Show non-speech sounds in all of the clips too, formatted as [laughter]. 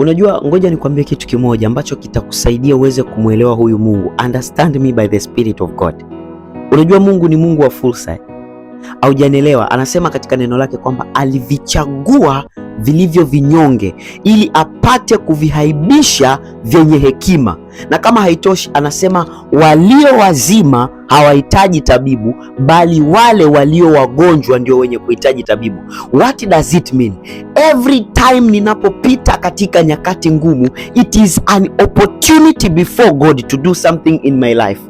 Unajua, ngoja nikwambie kitu kimoja ambacho kitakusaidia uweze kumwelewa huyu Mungu. Understand me by the Spirit of God. Unajua Mungu ni Mungu wa fursa. Haujanielewa? Anasema katika neno lake kwamba alivichagua vilivyo vinyonge ili apate kuvihaibisha vyenye hekima, na kama haitoshi, anasema walio wazima hawahitaji tabibu, bali wale walio wagonjwa ndio wenye kuhitaji tabibu. What does it mean? Every time ninapopita katika nyakati ngumu, it is an opportunity before God to do something in my life.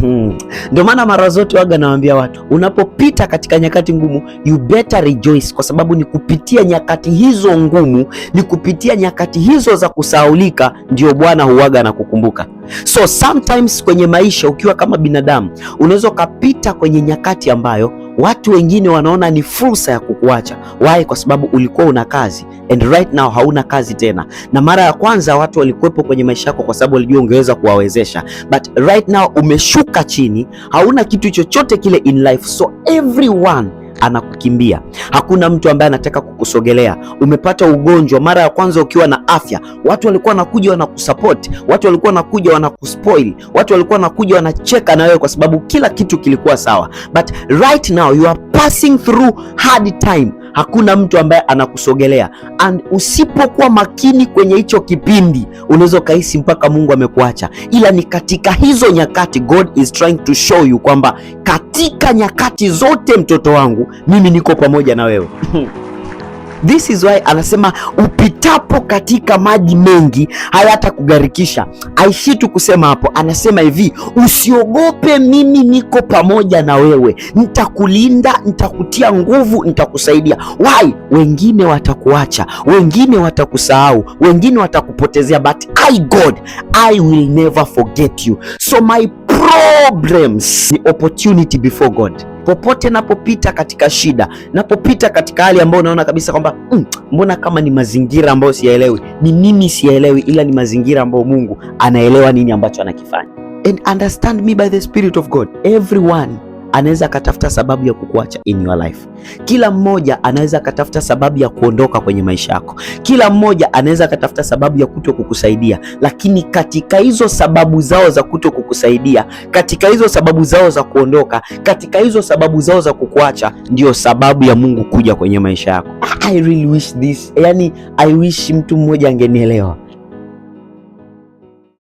Hmm. Ndio maana mara zote waga nawaambia watu, unapopita katika nyakati ngumu, you better rejoice, kwa sababu ni kupitia nyakati hizo ngumu, ni kupitia nyakati hizo za kusaulika ndio Bwana huwaga na kukumbuka. So sometimes kwenye maisha, ukiwa kama binadamu, unaweza ukapita kwenye nyakati ambayo watu wengine wanaona ni fursa ya kukuacha. Why? Kwa sababu ulikuwa una kazi and right now hauna kazi tena, na mara ya kwanza watu walikuwepo kwenye maisha yako kwa sababu walijua ungeweza kuwawezesha, but right now umeshuka chini, hauna kitu chochote kile in life, so everyone anakukimbia. Hakuna mtu ambaye anataka kukusogelea. Umepata ugonjwa mara ya kwanza ukiwa na afya, watu walikuwa wanakuja wanakusupport, watu walikuwa wanakuja wanakuspoil, watu walikuwa wanakuja wanacheka na wewe kwa sababu kila kitu kilikuwa sawa, but right now you are passing through hard time hakuna mtu ambaye anakusogelea and usipokuwa makini kwenye hicho kipindi unaweza ukahisi mpaka Mungu amekuacha, ila ni katika hizo nyakati God is trying to show you kwamba katika nyakati zote, mtoto wangu, mimi niko pamoja na wewe [laughs] This is why anasema upitapo katika maji mengi hayata kugarikisha. Aishi tu kusema hapo, anasema hivi, usiogope, mimi niko pamoja na wewe, nitakulinda, nitakutia nguvu, nitakusaidia. Why? Wengine watakuacha, wengine watakusahau, wengine watakupotezea, but I God, I will never forget you so my problems ni opportunity before God. Popote napopita katika shida, napopita katika hali ambayo unaona kabisa kwamba mm, mbona kama ni mazingira ambayo siyaelewi, ni nini siyaelewi, ila ni mazingira ambayo Mungu anaelewa nini ambacho anakifanya. And understand me by the Spirit of God everyone anaweza akatafuta sababu ya kukuacha in your life. Kila mmoja anaweza akatafuta sababu ya kuondoka kwenye maisha yako. Kila mmoja anaweza akatafuta sababu ya kuto kukusaidia, lakini katika hizo sababu zao za kuto kukusaidia, katika hizo sababu zao za kuondoka, katika hizo sababu zao za kukuacha, ndio sababu ya Mungu kuja kwenye maisha yako. I really wish this, yani I wish mtu mmoja angenielewa.